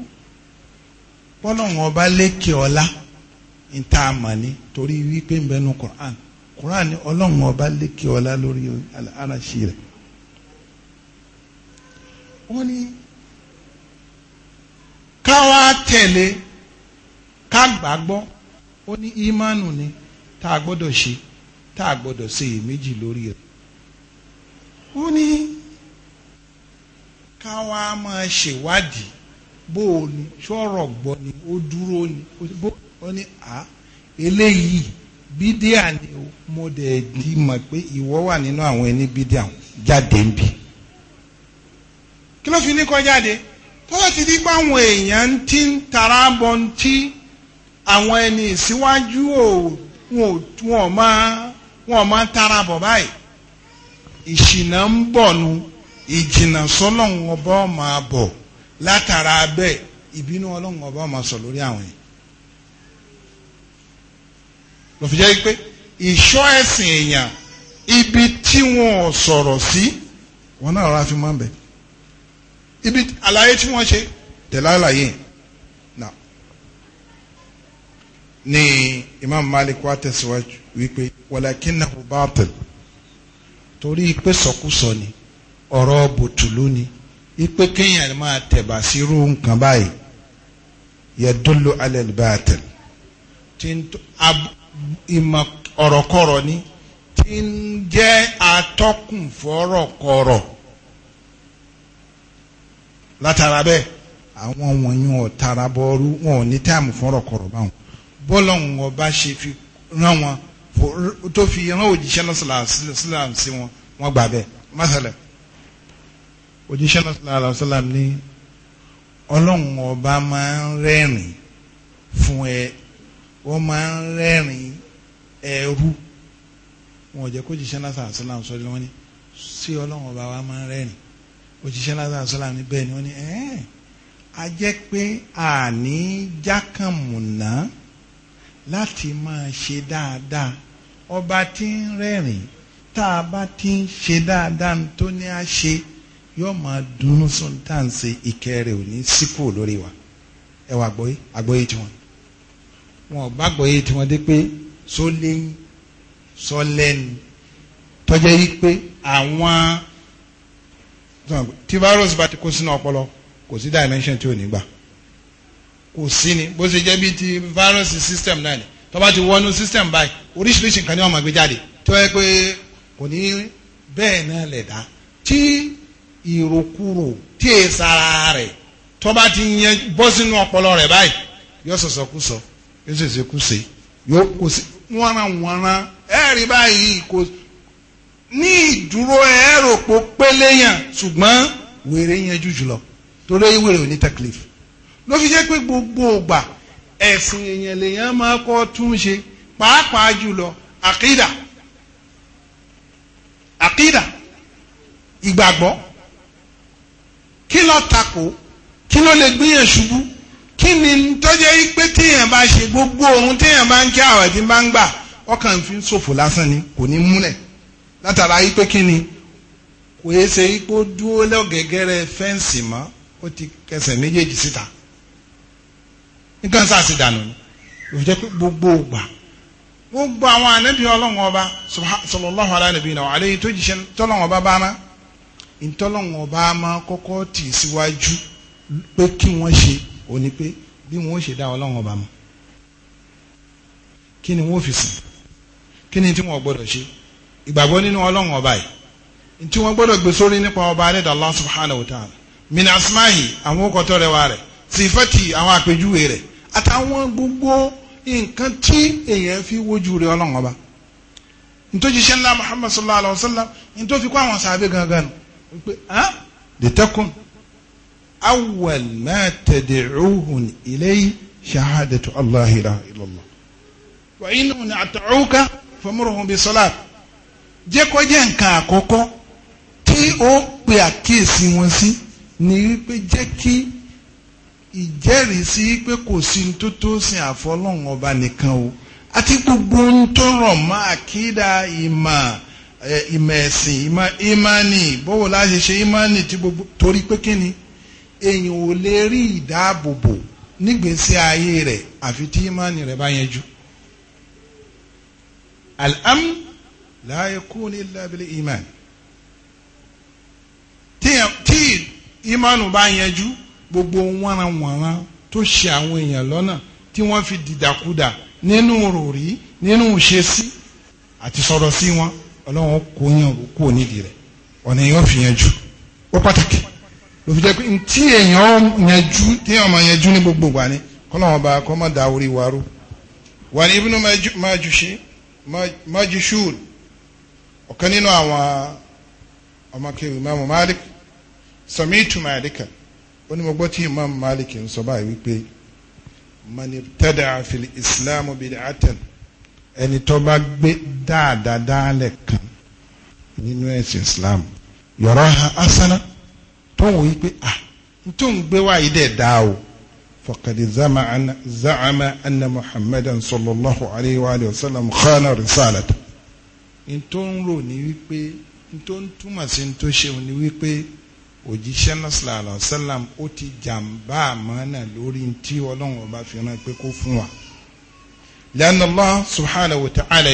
bọ́lọ́run ọba lékè ọlá ń tá a mọ̀ ní torí wípé ń bẹnu Qur'an Qur'an ní ọlọ́run ọba lékè ọlá lórí àlà aráàṣì rẹ̀ wọ́n ní ká wá tẹ̀lé ká gbàgbọ́ ó ní ìmánu ni tá a gbọ́dọ̀ ṣe tá a gbọ́dọ̀ ṣe iyèméjì lórí rẹ̀ ó ní ká wá máa ṣèwádìí bó o ní sọ̀rọ̀ gbọ́ ni ó dúró ni ó ní à eléyìí bídíà ni mo dẹ̀ di mọ̀ pé ìwọ wà nínú àwọn ẹni bídíà jáde ń bì kí ló fi ní kọ́ jáde tọ́lá ti di pé àwọn èèyàn ti ń tara bọ tí àwọn ẹni ìsíwájú wọn ò máa wọn ò máa tara bọ̀ báyìí ìṣìnà ń bọ̀ nu ìjìnà sọ́lọ́hún ọba máa bọ̀ látara bẹ́ẹ̀ ìbínú ọlọ́hún ọba máa sọ lórí àwọn yìí lọ́fíjẹ́ pé ìṣọ́ ẹ̀sìn èèyàn ibi tí wọn sọ̀rọ̀ sí wọn náà rà fi máa ń bẹ̀ẹ́ ibi àlàyé tí wọ́n ṣe tẹ̀lé àlàyé náà ni Imam Malik wa tẹ̀síwájú wípé walakinahu batil torí pé sọkúsọ ni ọ̀rọ̀ bòtúlú ni ipe kéèyàn máa tẹ̀bà sí irú nǹkan báyìí yadullu ala al-batil tí ń ìmọ̀ ọ̀rọ̀kọ̀rọ̀ ni tí ń jẹ́ atọ́kùn fọ́rọ̀kọ̀rọ̀ látara bẹ́ẹ̀ àwọn wọ̀nyí wọn tara bọ́ọ̀rù wọn ò ní táàmù fọ́rọ̀ kọ̀rọ̀ báwọn bọ́lọ̀hún ọba ṣe fi rán wọn tó fi rán òjíṣẹ́ náà sílám sí wọn wọn gbà bẹ́ẹ̀ mọ́sálẹ̀ òjíṣẹ́ náà sílám ní ọlọ́hún ọba máa ń rẹ́rìn fún ẹ wọ́n máa ń rẹ́rìn ẹrú wọn ò jẹ́ kó jíṣẹ́ náà sílám sọ́dọ̀ wọn ni sí ọlọ́hún ọba wa máa ń rẹ́rìn òjíṣẹ́ lásán sọ́là ní bẹ́ẹ̀ ni wọ́n ní ẹ́ẹ́ a jẹ́ pé àní jákàmùnà láti máa ṣe dáadáa ọba tí ń rẹ́rìn tá a bá ti ń ṣe dáadáa tó ní a ṣe yóò máa dùnnú sùn tá à ń ṣe ìkẹ́ rẹ̀ ò lórí wa ẹ wà gbọ́yé àgbọ́yé tiwọn wọn ò bá gbọ́yé tiwọn dé pé sólẹ́yìn sọlẹ́nu tọ́jẹ́ yí pé àwọn tí virus bá ti kó sínú ọpọlọ kò sí dimension tí ò ní gbà kò sí ni bó ṣe jẹ́ bí ti virus system náà ni tó ti wọnú system báyìí oríṣiríṣi nǹkan ni wọ́n máa gbé jáde tó yẹ pé kò ní bẹ́ẹ̀ náà lè dá tí ìrokúrò tí è sara rẹ̀ tó bá ti yẹn bọ́ sínú ọpọlọ rẹ̀ báyìí yóò sọ̀sọ̀ kú sọ yóò ṣèṣe kú ṣe yóò kò sí wọ́nra wọ́nra ẹ̀rí báyìí kò sí ní ìdúró ẹ̀rọ̀pọ̀ péléyàn ṣùgbọ́n wèrè yẹn jù jùlọ torí wèrè ò ní taklif ló fi jẹ́ pé gbogbo ògbà ẹ̀sìn èèyàn lèèyàn máa kọ́ tún ṣe pàápàá jùlọ àkídà àkídà ìgbàgbọ́ kí ló takò kí ló lè gbìyàn ṣubú kí ni tọ́jẹ́ pé téèyàn bá ṣe gbogbo ohun téèyàn bá ń kí àwẹ̀ bá ń gbà ọkàn fi ń ṣòfò lásán ni kò ní múlẹ̀ látara yí pé kí ni kò yé ṣe yí pé ó dúró lọ́gẹ̀gẹ̀rẹ̀ fẹ́ǹsì mọ́ ó ti kẹsẹ̀ méjèèjì síta nǹkan sì dànù ni pé gbogbo ògbà gbogbo àwọn ànábì ọlọ́run ọba sallallahu ala nabiyina wa alayhi tó jíṣẹ́ tọ́lọ́run ọba bá má ìtọ́lọ́run ọba má kọ́kọ́ tì síwájú pé kí wọ́n ṣe ò ní pé bí wọ́n ṣe dá ọlọ́run ọba mọ́ kí ni wọ́n fi sìn kí ni tí wọ́n gbọ́dọ̀ ṣe ìgbàgbọ́ nínú ọlọ́run ọba yìí tí wọ́n gbọ́dọ̀ gbé sórí nípa ọba adẹ́dà Allah subhanahu wa ta'ala min asmahi àwọn òkòtò rẹ̀ wá rẹ̀ sifati àwọn àpèjúwe rẹ̀ àtàwọn gbogbo nǹkan tí èèyàn fi wojú rẹ̀ ọlọ́run ọba ntòjíṣẹ́ ńlá Muhammad sallallahu alayhi wa sallam ntò fi kọ́ àwọn sàbẹ̀ gangan nù pé ah litakun awwal ma tad'uhun ilayhi shahadatu Allah ilaha illallah wa inú ni àtàwùkà famurhum bi salat jẹ́ kó jẹ́ nǹkan àkọ́kọ́ tí ó pe àkíyèsí wọn sí ni wípé jẹ́ kí ìjẹ́rìísí pé kò sí ní tó tó sin àfọlọ́hún ọba nìkan o àti gbogbo ohun tó rọ̀ mọ́ àkídà ìmọ̀ ìmọ̀ ẹ̀sìn ìmọ̀ ìmánì bọ́wọ́ láti ṣe ìmánì tí gbogbo torí pé kí ni èèyàn ò lè rí ìdáàbòbò nígbèésí ayé rẹ̀ àfi tí ìmánì rẹ̀ bá yẹn jù. al la yakun illa bil iman tí ìmánu bá yanjú gbogbo wọ́nranwọ̀nran tó ṣe àwọn èèyàn lọ́nà tí wọ́n fi dìdàkudà nínú ròrí nínú ṣesí àti sọ̀rọ̀ sí wọn ọlọ́run kò yan kú nídìí rẹ̀ ọ̀nà èèyàn fi yanjú ó pàtàkì ló fi jẹ́ pé tí èèyàn yanjú tí èèyàn máa yanjú ní gbogbo ìgbà ni kọ́lọ́wọ́n bá kọ́ mọ́ da orí wa rú wà ní ibùdó máa jù ṣe máa jù ṣúùlù ọ̀kan nínú àwọn ọmọkiri Imam Malik sami'tu Malika ó ní mo gbọ́ tí Imam Malik ń sọ báyìí wípé man ibtada'a fil Islam bid'atan ẹni tó bá gbé dáadáa dáálẹ̀ kan nínú ẹ̀sìn Islam yaraha asana tó wọ́n wípé ah tó ń gbé wáyé dẹ̀ dáa o faqad za'ama anna Muhammadan sallallahu alayhi wa sallam khana risalata n tó ń rò ní wípé n tó ń túmọ̀ sí n tó ṣe ní wípé òjíṣẹ́ nasala alasalaam ó ti jàǹbá àmọ́nà lórí tí ọlọ́run ọba fi rán pé kó fún wa. lẹ́nu Allah subhanahu wa ta'ala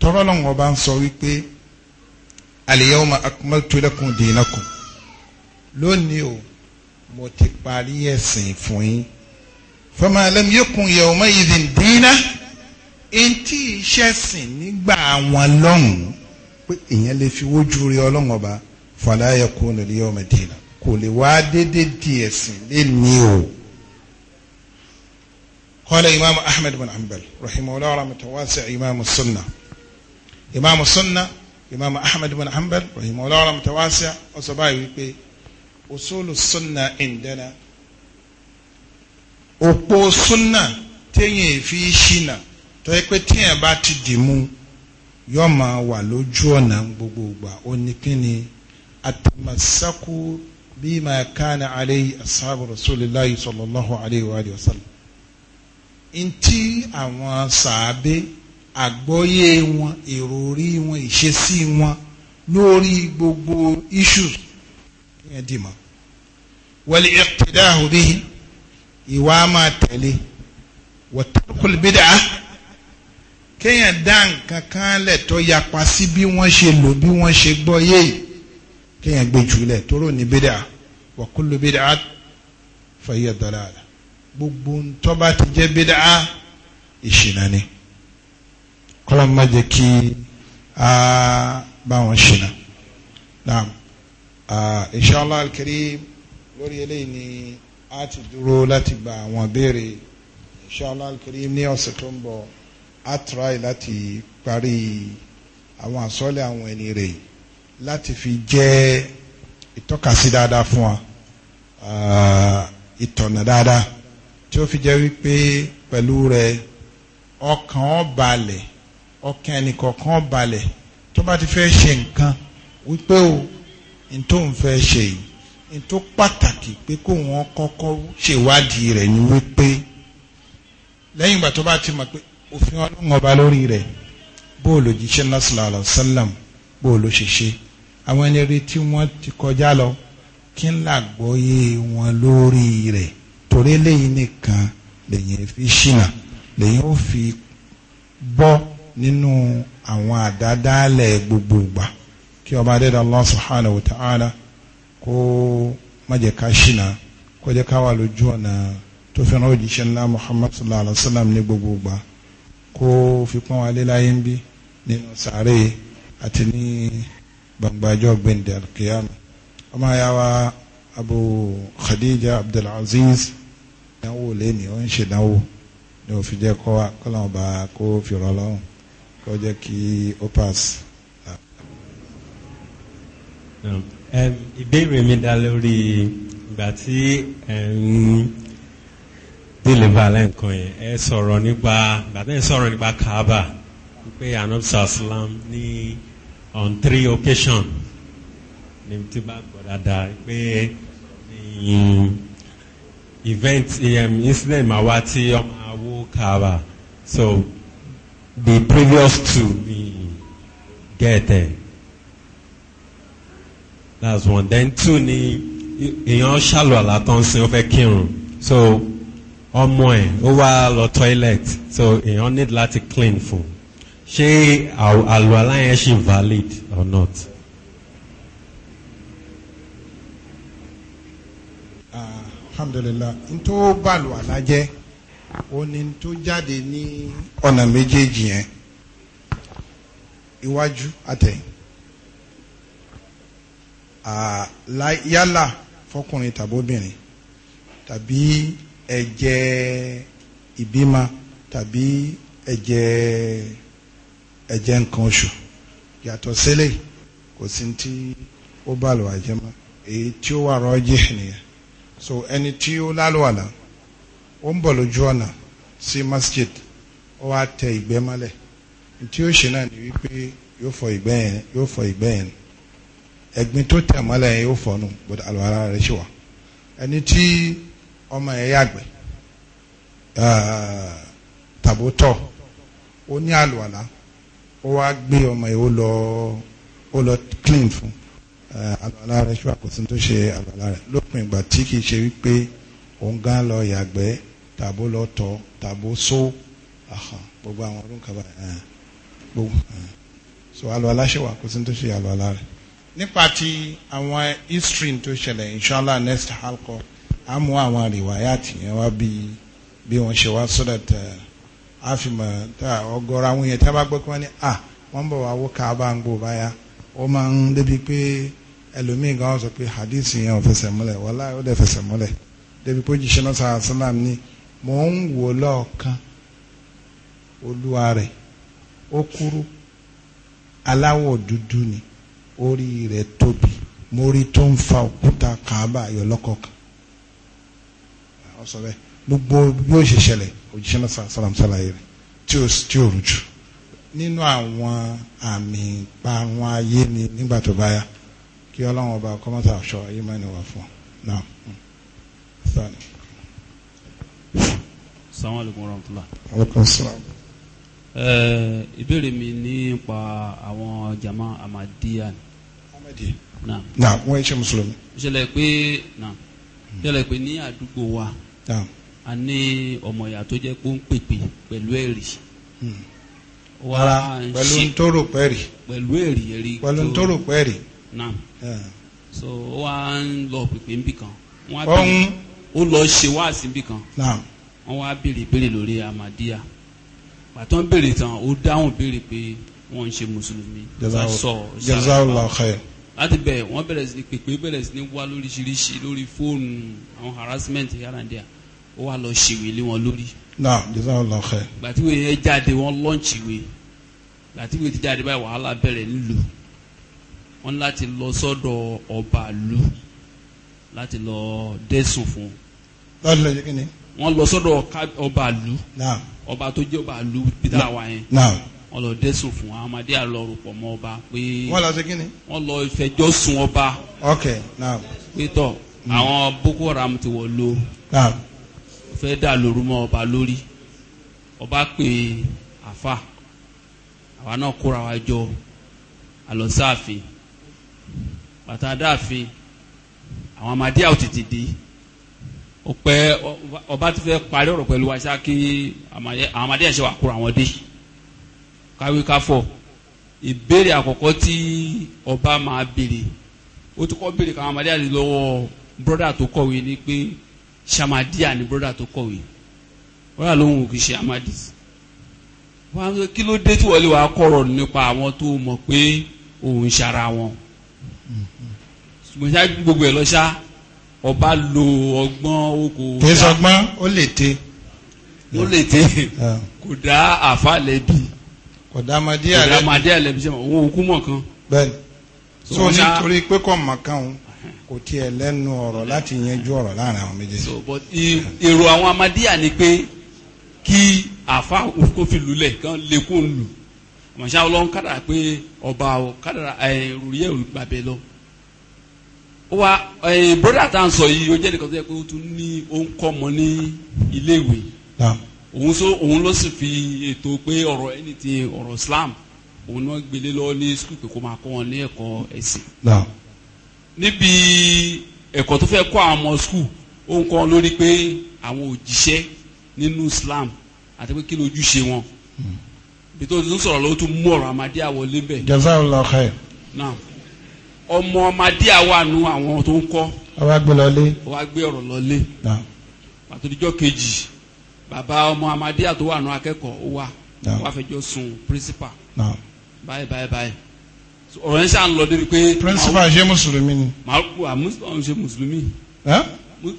tọ́rọ́ lọ́run ọba ń sọ wípé al-yawma akmaltu lakum dinakum lónìí o mo ti parí ẹ̀sìn fún yín. fama lam yakun yawma idhin dina ntí iṣẹ́ sìn nígbà wọn lọ́hùn-ún pé ìyẹn lè fi wójú rí ọlọ́run ọba fàlàyé kó lè rí ọmọ dìínà kò lè wá dédé di ẹ̀sìn lẹ́ni o. kọ́lá imaamu ahmed bin hanbal rahimahullah rahmatu wasi imaamu sunna imaamu sunna imaamu ahmed bin hanbal rahimahullah rahmatu wasi ọsọ báyìí wípé usulu sunna indana òpó sunna téèyàn fi ṣìnà tó yẹ pé tíyẹn bá ti dì mú yóò máa wà lójú ọ̀nà gbogbo ìgbà ó ní kí ni àtàmàsákú bima kana alayhi ashabu rasulillahi sallallahu alayhi wa sallam ntí àwọn sàábé àgbọ́yé wọn ìròrí wọn ìṣesí wọn lórí gbogbo issues yẹn dì mọ́ wal iqtidahu bihi ìwà máa tẹ̀lé wa tarkul bid'ah kéèyàn dá nǹkan kan lẹ̀ tó yapa sí bí wọ́n ṣe lò bí wọ́n ṣe gbọ́ yéè kéèyàn gbé jùlẹ̀ tóró ní bídà wa bídà fàyè dọ̀làlà gbogbo ntọ́ba ti jẹ́ bídà ìṣìnà ni kọ́lọ́n má jẹ́ kí a bá wọn ṣìnà naam inshallah al-karim lórí eléyìí ni a ti dúró láti gba àwọn béèrè inshallah al-karim ní ọ̀sẹ̀ tó ń bọ̀ a try láti parí àwọn àsọ́lẹ̀ àwọn ẹni rẹ̀ láti fi jẹ́ ìtọ́kasí dáadáa fún wa uh, ìtọ̀nà dáadáa tí ó fi jẹ́ wípé pẹ̀lú rẹ̀ ọkàn ó balẹ̀ ọkàn ẹnìkọ̀ọ̀kan balẹ̀ tó bá ti fẹ́ ṣe nǹkan wípé o n tó ń fẹ́ ṣe yìí n tó pàtàkì pé kó wọn kọ́kọ́ ṣèwádìí rẹ̀ ni wípé lẹ́yìn ìgbà tó bá ti mọ̀ pé òfin ọlọ́run ọba lórí rẹ̀ bó o lò jíṣẹ́ sallallahu alaihi wasallam bó o lò ṣiṣẹ́ àwọn ẹni rí tí wọ́n ti kọjá lọ kí n làgbọ́yé wọn lórí rẹ̀ torí lẹ́yìn nìkan lẹ́yìn fi ṣìnà lẹ́yìn ó fi bọ́ nínú àwọn àdádálẹ̀ gbogbo ìgbà kí ọba adẹ́dàá Allah subhanahu wa ta'ala kó má ṣìnà kó jẹ́ lójú ọ̀nà tó fẹ́ràn òjíṣẹ́ ńlá Muhammad sallallahu alaihi wa sallam ní gbogbo ìgbà kó fi pọ́n wa lé láyé ń bí nínú sàárè àti ní gbangbajọ́ gbẹ̀ndẹ̀ alkiyama ọmọ ya wa abu khadija abdulaziz ìdánwò lẹ́ni ó ń ṣèdánwò ni ó fi jẹ́ kọ́ wa kọ́lọ́n bá kó fi rọ́ lọ́rùn kó jẹ́ kí ó pass. ìbéèrè mi dá lórí ìgbà tí délé balẹ̀ nǹkan yẹn ẹ sọ̀rọ̀ nípa gbàtẹ́ ẹ sọ̀rọ̀ nípa kaaba wípé anabisa islam ní on three occasions, ní tí bá gbọ́ dáadáa pé event um, incident máa wá tí ọmọ awó kaaba so the previous two ni get it that's one then two ni èèyàn ṣàlùwàlà tó ń sin ó fẹ́ kírun so ọmọ ẹ̀ ó wá lọ toilet so èèyàn need láti clean fún ṣé àlùwàlá yẹn ṣì valid or not. alhamdulillah n tó bàlùwàlá jẹ́ ó ní n tó jáde ní ọ̀nà méjèèjì yẹn iwájú àtẹ̀yìn yálà fọkùnrin tàbóbìnrin tàbí ẹ̀jẹ̀ ìbímọ tàbí ẹ̀jẹ̀ ẹ̀jẹ̀ nǹkan oṣù yàtọ̀ sílẹ̀ kò sí ti ó bá lọ àjẹ́ mọ́ èyí tí ó wà nìyẹn so ẹni tí ó lálùwàlà ó ń bọ̀ lójú ọ̀nà sí masjid ó wá tẹ ìgbẹ́ mọ́lẹ̀ tí ó ṣe náà ni wípé yóò fọ ìgbẹ́ yẹn yóò fọ ìgbẹ́ yẹn ẹ̀gbin tó tẹ̀ mọ́lẹ̀ yóò fọ nù rẹ̀ wà ẹni tí ọmọ ẹ̀ yàgbẹ́ ah, tàbó tọ̀ ó ní àlùwàlà ó wá gbé ọmọ yìí ó lọ ó lọ clean fún ah, àlùwàlà rẹ̀ ṣùgbọ́n kò sí tó ṣe àlùwàlà rẹ̀ lópin ìgbà tí kìí ṣe wípé òun gan lọ yàgbẹ́ tàbó lọ tọ̀ tàbó só gbogbo àwọn ọdún kaba ah, so àlùwàlà ṣe wà kò sí tó ṣe àlùwàlà rẹ̀ nípa ti àwọn history tó ṣẹlẹ̀ inshallah next halkọ. Amu mú àwọn àríwáyàtì yẹn wá bí bí wọ́n ṣe wá sọ́dọ̀ tẹ̀ á fi mọ̀ tá ọgọ́rọ̀ àwọn yẹn tá a bá gbọ́ pé wọ́n ní à wọ́n ń bọ̀ wá wó káàbá ń gbò báyà ó máa ń débi pé ẹlòmíì gan sọ pé hadith yẹn ò fẹsẹ̀ múlẹ̀ wàláhì ó dẹ̀ fẹsẹ̀ múlẹ̀ débi pé jíṣẹ́ náà sàrà sálàm ni mò ń wò lọ́ọ̀kan olúwa rẹ̀ ó kúrú aláwọ̀ dúdú ni orí rẹ̀ tóbi mórí tó ń fa òkúta kàábà yọ lọ́kọ̀ọ̀kan sọ bẹ́ẹ̀ gbogbo yóò ṣe ṣẹlẹ̀ òjíṣẹ́ náà sàlám sàlàyé rẹ̀ tí ó tí ó rújú. nínú àwọn àmì ìparun ayé ni nígbà tó bá yá kí ọlọ́run ọba kọ́mọ́tà aṣọ ayé máa ní wà fún ọ náà. sàwọn àlùkò rọ̀mùtúlà. àlùkò sàlám. ìbéèrè mi nípa àwọn jama amadiya. amadiya. náà wọ́n ṣe mùsùlùmí. ṣẹlẹ̀ pé náà ṣẹlẹ̀ pé ní àdúgbò wa a ní ọmọ ìyá tó jẹ́ pé ó ń pèpè pẹ̀lú ẹ̀rì. Hmm. pẹ̀lú ń tóró pẹ́rì. pẹ̀lú ẹ̀rì ẹ̀rì tó pẹ̀lú ń tóró pẹ́rì. so ó wá ń lọ pèpè níbì kan. ọ̀hún ó lọ ṣe wáàsí níbì kan. wọ́n wá béèrè béèrè lórí amadiya pàtó ń béèrè tán ó dáhùn béèrè pé wọ́n ń ṣe mùsùlùmí. jazakallahu khair láti bẹ̀ wọ́n bẹ̀rẹ̀ sí ní pèpè bẹ̀rẹ̀ sí ní wá lóríṣiríṣi lórí fóònù àwọn harassment yàrá díẹ̀ ó wá lọ ṣèwé lé wọn lórí. náà jésù àlọ́ ọ̀kẹ́. gbàtíwé yẹn jáde wọn lọ́ǹchì wé gbàtíwé ti jáde báyìí wàhálà bẹ̀rẹ̀ nílùú wọn láti lọ sọ́dọ̀ ọba ìlú láti lọ dẹ́sùn fún. láti lọ jẹ́ kí ni. wọ́n lọ sọ́dọ̀ ọba ìlú. náà ọba tó jẹ́ ọba ìlú peter awa yẹn. náà wọ́n lọ dẹ́sùn fún wa amadi alọ rúpọ̀ mọ́ ọba pé. wọ́n lọ sí kí ni. wọ́n lọ ìfẹjọ́ sùn ọba. ok naam. pé tọ mm. àwọn boko haram ti wọ̀ lo fẹ́ dà lóru mọ́ ọba lórí ọba pè àfà àwa náà kóra wa jọ àlọ́sáàfin bàtà dáàfin àwọn amadíà ò tètè dé ọpẹ ọba ti fẹ́ parí ọ̀rọ̀ pẹ̀lú wa ṣáà kí àwọn amadíà ṣe wà kóra wọn dé káwé káfọ̀ ìbéèrè àkọ́kọ́ tí ọba máa béèrè ó ti kọ́ béèrè káwọn amadíà lọ́wọ́ bọ́dà tó kọ̀wé ni pé ṣàmàdí àní broda tó kọ̀wé broda lóhùn òkè ṣe àmàdí kí ló dé tí wọlé wàá kọ̀rọ̀ nípa àwọn tó mọ̀ pé òun ṣara wọn ṣùgbọ́n ṣáà gbogbo ẹ̀ lọ ṣá ọba lo ọgbọ́n oko. kì í sọgbọ́n ó lè te. ó lè te ah. kò dá àfa lẹ́bi kò dá amadé àlẹ́bi kò dá amadé àlẹ́bi ṣe òun òkú mọ̀ kan. bẹ́ẹ̀ni so nítorí pé kò mọ̀ kan òun kò tiẹ̀ lẹ́nu ọ̀rọ̀ láti yanjú ọ̀rọ̀ láàrin àwọn méjèèjì. so but èrò àwọn amadíyà ni pé kí àfa òkófin lulẹ̀ kan lè kó lù màṣá ọlọ́run kádàrà pé ọba ọ kádàrà ẹ̀rùrí ẹ̀rù gbàbẹ lọ. ó wá bọ́dà tá à ń sọ yìí ó jẹ́ nìkan tó yẹ pé ó tún ní ó ń kọ́ ọmọ ní iléèwé òun so òun ló sì fi ètò pé ọ̀rọ̀ ẹni ọ̀rọ̀ Islam òun náà gbélé lọ ní skul pé kó máa kọ́ wọn ní ẹ̀kọ́ ẹ̀sìn níbi ẹ̀kọ́ tó fẹ́ kọ́ àwọn ọmọ skul ó ń kọ́ lórí pé àwọn òjíṣẹ́ nínú Islam àti pé kí ni ojúṣe wọn bí tó ń sọ̀rọ̀ ló tún mú ọ̀rọ̀ amadíà wọlé bẹ̀. jazakallah khair. náà ọmọ amadíà wà nù àwọn tó ń kọ́. àwa gbé lọlé. àwa gbé ọ̀rọ̀ lọlé. pàtó dijọ́ kejì bàbá ọmọ amadíà tó wà nù akẹ́kọ̀ọ́ ó wà wà fẹjọ́ sùn principal. báyìí báyìí báyìí ọ̀rọ̀ yẹn ṣáà ń lọ débi pé. principal ṣe mùsùlùmí ni. màá kú àmúṣọ ń ṣe mùsùlùmí.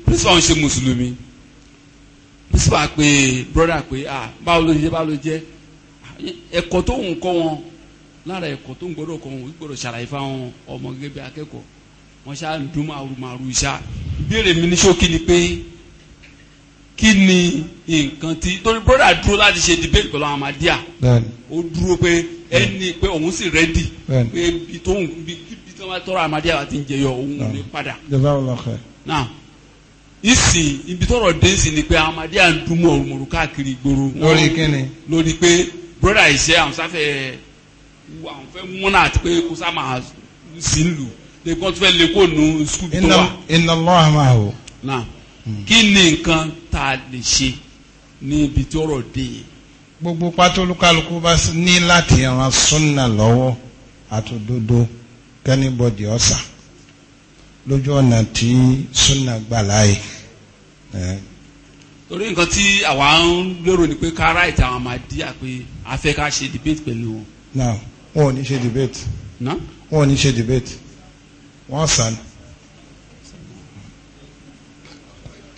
principal ń ṣe mùsùlùmí. principal pé brother pé ah báwo ló jẹ báwo ló jẹ ẹ̀kọ́ tó ń kọ́ wọn lára ẹ̀kọ́ tó ń gbọ́dọ̀ kọ́ wọn ó gbọ́dọ̀ ṣàlàyé fáwọn ọmọ gẹ́gẹ́ bí akẹ́kọ̀ọ́ wọn ṣáà ń dún màrú màrú ṣá ìbéèrè mi ní ṣókí ni pé kí ni nǹkan tí torí brother dúró láti ṣe debate pẹ̀lú àwọn amadíà ó dúró pé ẹni pé òun sì rẹ́dì pé ibi tó ń bí nje tó máa tọrọ àti òun ò padà. náà ìsìn ibi tọrọ dé sí ni pé àmàdí à ń òmùrù káàkiri lórí lórí pé broda ìṣe àwọn sáfẹ́ àwọn fẹ́ múnà àti pé kó sá máa sí lù tó tó wà. iná a gbogbo pátólúkálukú bá ní láti ran súnà lọ́wọ́ àtòdodo kẹ́nìbọ̀dì ọ̀sà lójú ọ̀nà tí súnà gbà láàyè. torí nǹkan tí àwa ń lérò ni pé ká ráìtì àwọn àmàdíyà pé a fẹ́ ká ṣe debate pẹ̀lú wọn. na wọn ò ní ṣe debate. na wọn ò ní ṣe debate wọn sàn.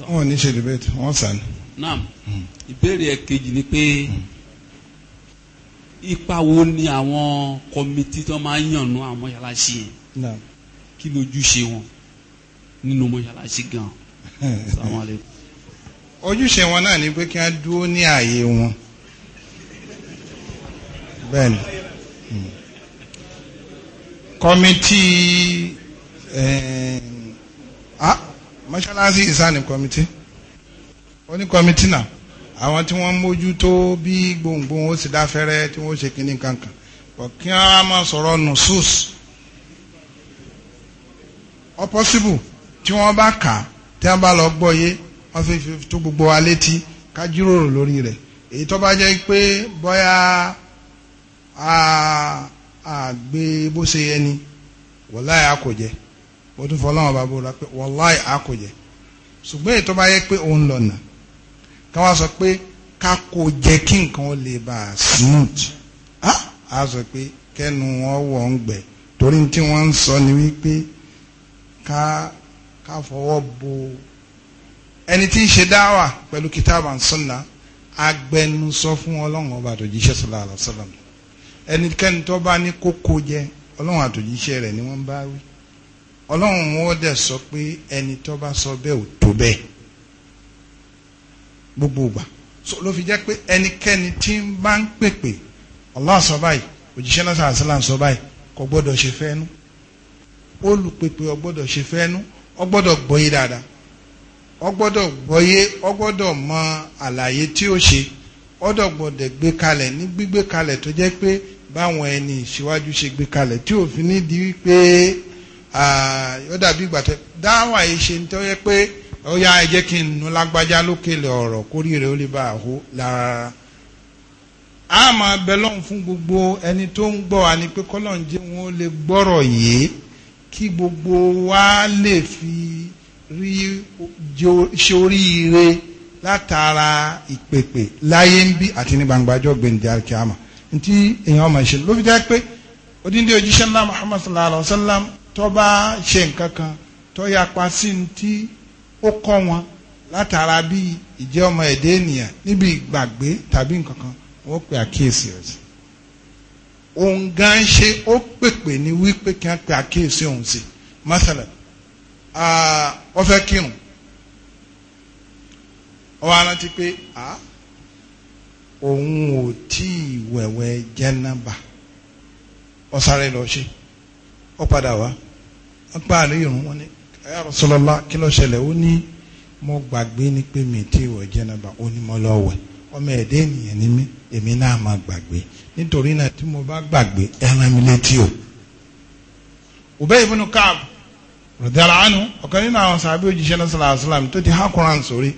wọn ò ní ṣe debate wọn sàn naam ìbéèrè ẹ̀kejì ni pé ipa wo ni àwọn kọmitì tó máa ń yànnú àwọn mọ́ṣáláṣí yẹn kí lójúṣe wọn nínú mọ́ṣáláṣí gan ojúṣe wọn náà ni pé kí wọ́n dúró ní ààyè wọn bẹ́ẹ̀ kọmitì eh, ah, mọ́ṣáláṣí ìsáni kọmitì ó ní kọ́mítì náà àwọn tí wọ́n mójútó bí gbòǹgbòǹ ó sì dáfẹ́rẹ́ tí wọ́n ṣe kínní kankan kí wọ́n á máa sọ̀rọ̀ nùsùs ọ pọ́síbù tí wọ́n bá kà á tí wọ́n bá lọ gbọ́ yé wọ́n fi tó gbogbo wa létí ká jíròrò lórí rẹ̀ èyí tó bá jẹ́ pé bóyá àgbé bó ṣe yẹ ni wàláì a kò jẹ mo tún fọlọ́wọ́n bá bó ra pé wàláì a kò jẹ ṣùgbọ́n èyí tó bá yẹ pé òun lọ̀nà kan wá sọ pé ká kò jẹ́ kí nǹkan ó lè bá a smooth á sọ pé kẹ́nu wọn wọ̀ ń gbẹ̀ torí tí wọ́n ń sọ ni wípé ká ká fọwọ́ bo ẹni tí ń ṣe dáwà pẹ̀lú kìtàbà sunna agbẹnusọ fún ọlọ́run ọba àtòjíṣẹ́ sallallahu alaihi wasallam tó bá ní kókó jẹ ọlọ́run àtòjíṣẹ́ rẹ̀ ni wọ́n bá wí ọlọ́run wọn dẹ̀ sọ pé ẹni tó bá sọ bẹ́ẹ̀ ò tó bẹ́ẹ̀. gbogbo ìgbà so ló fi jẹ́ pé ẹnikẹ́ni tí ń bá ń pèpè Allah báyìí òjíṣẹ́ náà ń sọ báyìí kò gbọ́dọ̀ ṣe fẹ́ nú olùpèpè ó ṣe fẹ́ nú gbọ́yé dáadáa mọ àlàyé tí ó ṣe gbọ́dọ̀ gbé kalẹ̀ ní gbígbé kalẹ̀ tó jẹ́ pé báwọn ẹni ìṣíwájú gbé kalẹ̀ tí òfin ní di wípé ó dàbí ìgbà dáwà yìí ṣe ń tọ́ yẹ ó yá ẹ jẹ́ kí n nu lágbájá lókèlè ọ̀rọ̀ kórìíre ó lè bá a hó lára a máa bẹ lọ́hùn fún gbogbo ẹni tó ń gbọ́ wa ni pé kọ́lọ́n jẹ́ wọn ó lè gbọ́rọ̀ yìí kí gbogbo wa lè fi rí ṣe látara ìpèpè láyé ń bí àti ní gbangbajọ́ gbèǹdé kíámà ntí èèyàn ọmọ ìṣe ló fi jẹ́ pé odindi òjíṣẹ́ ńlá Muhammad sallallahu alayhi wa sallam tó bá ṣe nǹkan kan tó yapa sí ntí ó kọ́ wọn látara bí ìjẹ́ ọmọ ẹ̀dẹ́ ènìyàn níbi ìgbàgbé tàbí nǹkan kan wọ́n pè àkíyèsí rẹ̀ sí. òun gan ṣe ó pèpè ní wípé kí wọ́n pe àkíyèsí òun sí mọ́sálà wọ́n fẹ́ kírun ọwọ́ arántí pé òun ò tí ì wẹ̀wẹ̀ jẹ́nàbà ọ̀sáré lọ ṣe ó padà wá wọ́n pa àríyìn wọn ni ya Rasulullah kí ló ṣẹlẹ̀ ó ní mo gbàgbé ni pé mi ti wọ̀ jẹ́nàbà ó ní mo lọ wẹ̀ ọmọ ẹ̀dẹ́ ènìyàn ni mí èmi náà máa gbàgbé nítorí náà tí mo bá gbàgbé ẹ rán mi létí o. Ubay ibn Ka'b radiyallahu anhu ọ̀kan nínú àwọn sàbí òjíṣẹ́ náà sallallahu alaihi tó ti há sórí